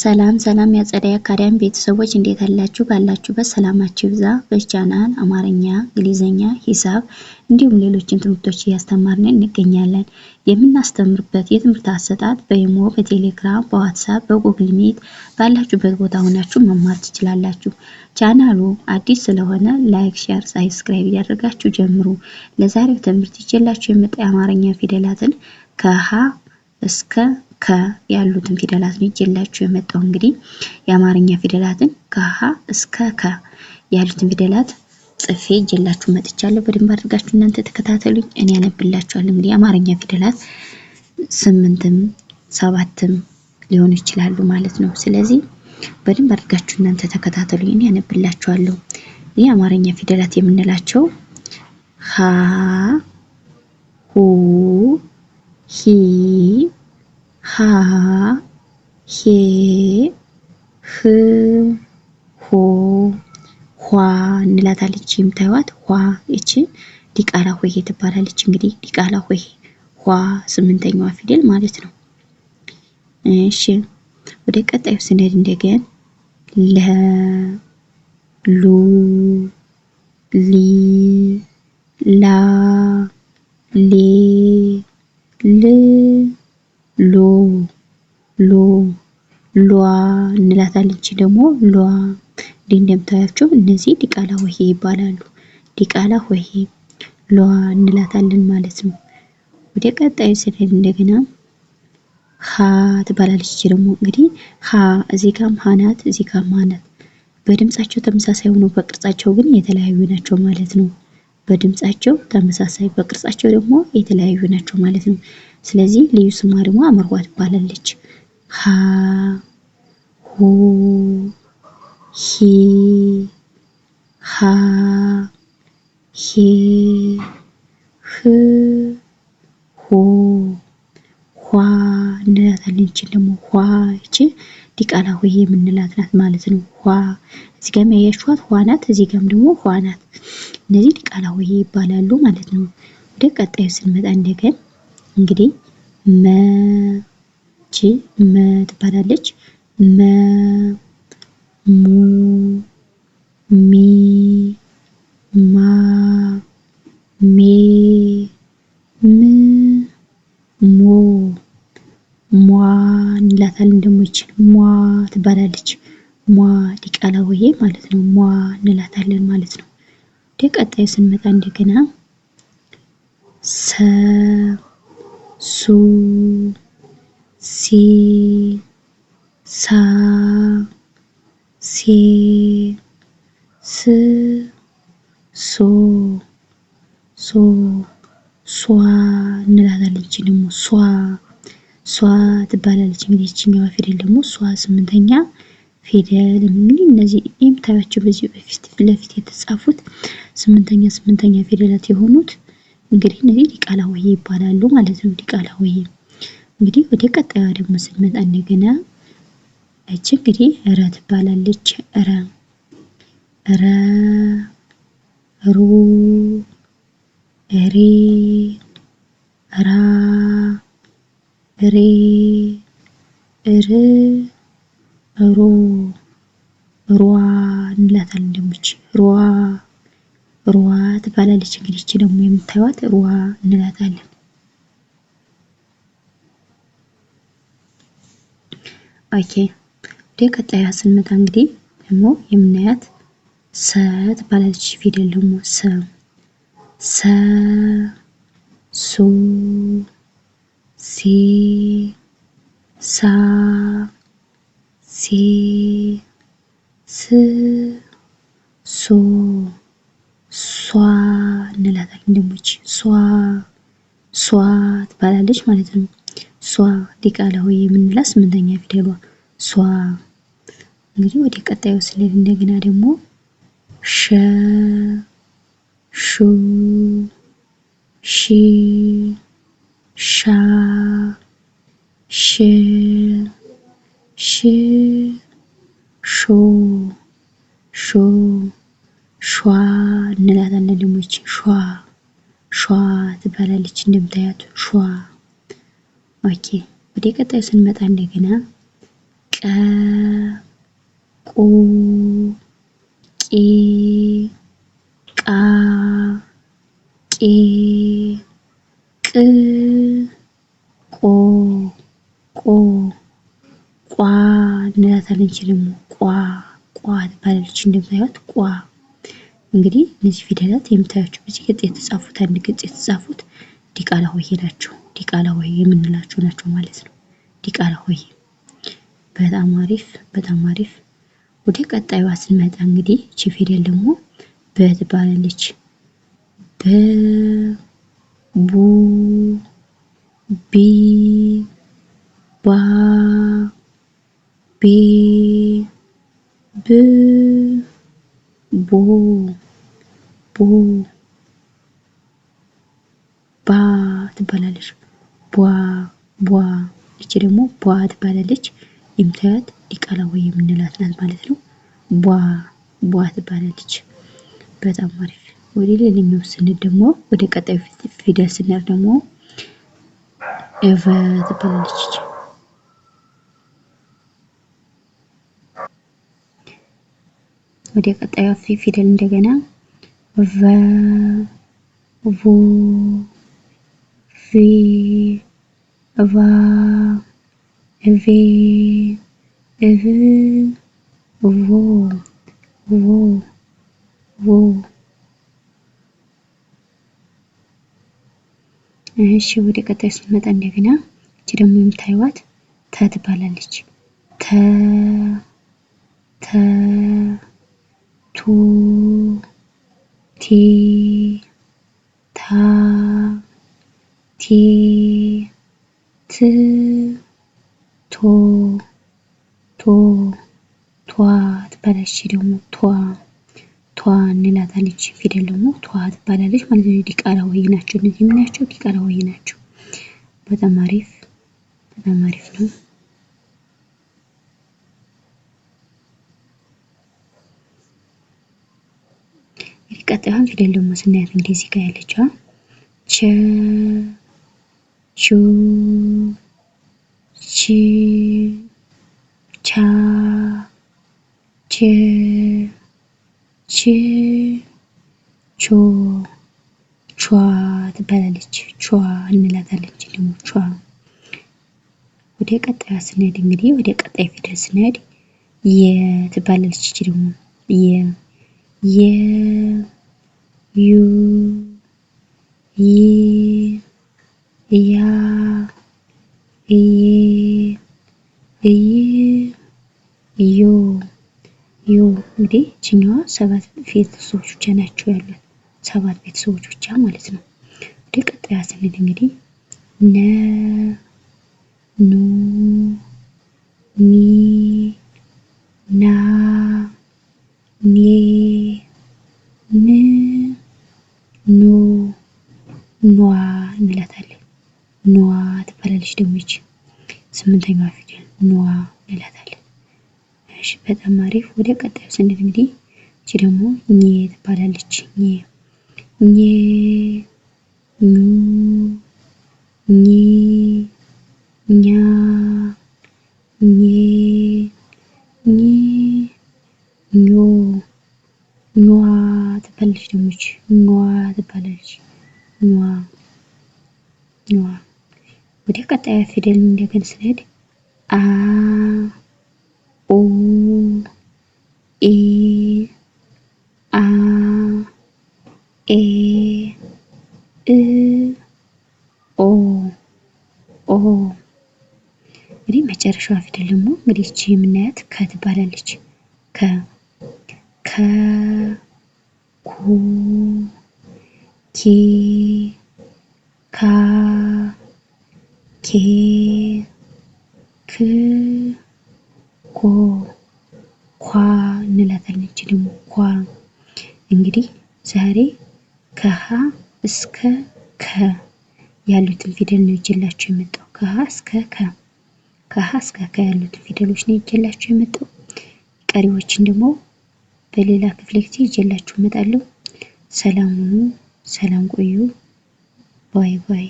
ሰላም ሰላም የአጸደይ አካዳሚ ቤተሰቦች እንዴት አላችሁ? ባላችሁበት ሰላማችሁ ይብዛ። በቻናል አማርኛ፣ እንግሊዝኛ፣ ሂሳብ እንዲሁም ሌሎችን ትምህርቶች እያስተማርን እንገኛለን። የምናስተምርበት የትምህርት አሰጣጥ በኢሞ፣ በቴሌግራም፣ በዋትሳፕ፣ በጉግል ሚት ባላችሁበት ቦታ ሆናችሁ መማር ትችላላችሁ። ቻናሉ አዲስ ስለሆነ ላይክ፣ ሼር፣ ሳብስክራይብ እያደረጋችሁ ጀምሩ። ለዛሬው ትምህርት ይችላችሁ የመጣ የአማርኛ ፊደላትን ከሀ እስከ ከ ያሉትን ፊደላት ነው ይዤላችሁ የመጣው። እንግዲህ የአማርኛ ፊደላትን ከሀ እስከ ከ ያሉትን ፊደላት ጽፌ ይዤላችሁ መጥቻለሁ። በደንብ አድርጋችሁ እናንተ ተከታተሉኝ፣ እኔ ያነብላችኋለሁ። እንግዲህ የአማርኛ ፊደላት ስምንትም ሰባትም ሊሆኑ ይችላሉ ማለት ነው። ስለዚህ በደንብ አድርጋችሁ እናንተ ተከታተሉኝ፣ እኔ ያነብላችኋለሁ። ይህ የአማርኛ ፊደላት የምንላቸው ሀ ሁ ሂ ሀ ሄ ህ ሆ ኋ እንላታለች። የምታዩት ኋ እቺ ዲቃላ ሆሄ ትባላለች። እንግዲህ ዲቃላ ሆሄ ኋ ስምንተኛዋ ፊደል ማለት ነው። እሺ ወደ ቀጣዩ ስንሄድ እንደገን ለ ሉ ሊ ላ ሌ ል ሎ ሎ ሏ እንላታለን። እቺ ደግሞ ሏ እንዲህ እንደምታያቸው እነዚህ ዲቃላ ወሄ ይባላሉ። ዲቃላ ወሄ ሏ እንላታለን ማለት ነው። ወደ ቀጣዩ ስንሄድ እንደገና ሀ ትባላለች። እቺ ደግሞ እንግዲህ ሀ እዚህ ጋም ሀ ናት፣ እዚህ ጋም ሀ ናት። በድምጻቸው ተመሳሳይ ሆነው በቅርጻቸው ግን የተለያዩ ናቸው ማለት ነው። በድምጻቸው ተመሳሳይ በቅርጻቸው ደግሞ የተለያዩ ናቸው ማለት ነው። ስለዚህ ልዩ ስሟ ደግሞ አምርዋ ትባላለች። 하, 호, 히, ዲቃላ ሆሄ የምንላት ናት ማለት ነው። ኋ እዚህ ጋር የሚያያችኋት ኋ ናት፣ እዚህ ጋርም ደግሞ ኋ ናት። እነዚህ ዲቃላ ሆሄ ይባላሉ ማለት ነው። ወደ ቀጣዩ ስንመጣ እንደገን እንግዲህ መ ቺ መ ትባላለች። መ ሙ ሚ ማ ሜ ም ሞ ሟ እንላታለን። ደግሞ ይች ሟ ትባላለች። ሟ ዲቃላ ሆሄ ማለት ነው። ሟ እንላታለን ማለት ነው። ወደ ቀጣዩ ስንመጣ እንደገና ሰ ሱ ሲ ሳ ሴ ስ ሶ ሶ ሷ እንላታለን። ይቺ ደግሞ ሷ ሷ ትባላለች። እንግዲህ ይችኛዋ ፊደል ደግሞ ሷ ስምንተኛ ፊደል እንግዲህ እነዚህ የምታያቸው በዚህ በፊት ለፊት የተጻፉት ስምንተኛ ስምንተኛ ፊደላት የሆኑት እንግዲህ እነዚህ ዲቃላ ሆሄ ይባላሉ ማለት ነው። ዲቃላ ሆሄ እንግዲህ ወደ ቀጣዩ ደግሞ ስንመጣ እንደገና እች እንግዲህ እረ ትባላለች። ረ ረ ሩ እሬ ራ እሬ ር ሮ ሯ እንላታለን። እንደሞች ሯ ሯ ትባላለች። እንግዲህ እች ደግሞ የምታዩት ሯ እንላታለን። ኦኬ ወደ ቀጣይ ስንመጣ እንግዲህ ደግሞ የምናያት ሰ ትባላለች። ፊደል ደግሞ ሰ ሰ ሶ ሲ ሳ ሲ ስ ሶ ሷ እንላታለን። ደግሞ ሷ ሷ ትባላለች ማለት ነው። ሷ ዲቃላ ሆይ የምንላት ስምንተኛ ፊደሏ ሷ። እንግዲህ ወደ ቀጣዩ ስንሄድ እንደገና ደግሞ ሸ ሹ ሺ ሻ ሽ ሽ ሾ ሾ ሿ እንላታለን። ደግሞ ይቺ ሿ ሿ ትባላለች እንደምታያት ሿ ኦኬ ወደ ቀጣዩ ስንመጣ እንደገና ቀ ቁ ቄ ቃ ቄ ቅ ቆ ቆ ቋ እንላታለን። እንችልም ቋ ቋ ትባላለች። እንደምታዩት ቋ እንግዲህ እነዚህ ፊደላት የምታያቸው በዚህ ገጽ የተጻፉት አንድ ገጽ የተጻፉት ዲቃላ ሆሄ ናቸው። ዲቃላ ሆይ የምንላቸው ናቸው ማለት ነው። ዲቃላ ሆይ በጣም አሪፍ በጣም አሪፍ። ወደ ቀጣይዋ ስንመጣ እንግዲህ ቺ ፊደል ደግሞ በ ትባላለች። በ ቡ ቢ ባ ቤ ብ ቦ ቦ ባ ትባላለች። ቧ ቧ ይቺ ደግሞ ቧ ትባላለች። የምታዩት ዲቃላ ወይ የምንላት ናት ማለት ነው። ቧ ቧ ትባላለች። በጣም አሪፍ። ወደ ሌላኛው ስንል ደግሞ ወደ ቀጣዩ ፊደል ስንል ደግሞ ኤቨ ትባላለች። ወደ ቀጣዩ ፊደል እንደገና ቮ vi va vi እህ vo vo vo እሺ ወደ ቀጣይ ስንመጣ እንደገና እቺ ደግሞ የምታዩዋት ተ ትባላለች። ተ ተ ቱ ቲ ታ 시, ደግሞ ቷ ቷ እንላታለች። ፊደል ደግሞ ቷ ትባላለች ማለት ነው። ዲቃላ ናቸው እነዚህ የምናያቸው ዲቃላ ናቸው። በጣም አሪፍ በጣም አሪፍ ነው። ቀጣዩን ፊደል ደግሞ ስናያት ጋር ያለችዋ 주, 시, 자, 제, 시, 조, ቿ ትባላለች። ቿ እንላታለች። ደግሞ ቿ ወደ ቀጣዩ ስንሄድ እንግዲህ ወደ ቀጣይ ፊደል ስንሄድ የ ትባላለች። እቺ ደግሞ የ የ ዩ ይ እንግዲህ ችኛዋ ሰባት ቤተሰቦች ብቻ ናቸው ያሉት። ሰባት ቤተሰቦች ብቻ ማለት ነው። ወደ ቀጣያ ስንሄድ እንግዲህ ነ ኑ ኒ ና ኔ ን ኖ ኗ እንላታለን። ኗ ትባላለች። ደግሞ ይች ስምንተኛዋ ፊደል ኗ እንላታለን። እሺ በጣም አሪፍ። ወደ ቀጣዩ ስንል እንግዲህ እቺ ደግሞ ኘ ትባላለች። ኘ ኘ ኙ ኘ ኛ ኘ ኘ ኞ ኟ ትባላለች። ደግሞ እቺ ኟ ትባላለች። ኟ ኟ ወደ ቀጣዩ ፊደል እንደገን ስንሄድ አ ኡ ኢ አ ኤ እ ኦ ኦ እንግዲህ መጨረሻዋ ፊደል ደግሞ እንግዲህ እቺ የምናያት ከ ትባላለች። ከ ከ ኩ ኪ ካ ኬ ክ ኮ ኳ እንላታለን። እቺ ደግሞ ኳ እንግዲህ ዛሬ ከሀ እስከ ከ ያሉትን ፊደል ነው ይችላችሁ የመጣው። ከሀ እስከ ከ ከሀ እስከ ከ ያሉትን ፊደሎች ነው ይችላችሁ የመጣው። ቀሪዎችን ደግሞ በሌላ ክፍለ ጊዜ ይችላችሁ እመጣለሁ። ሰላም ሁኑ። ሰላም ቆዩ። ባይ ባይ።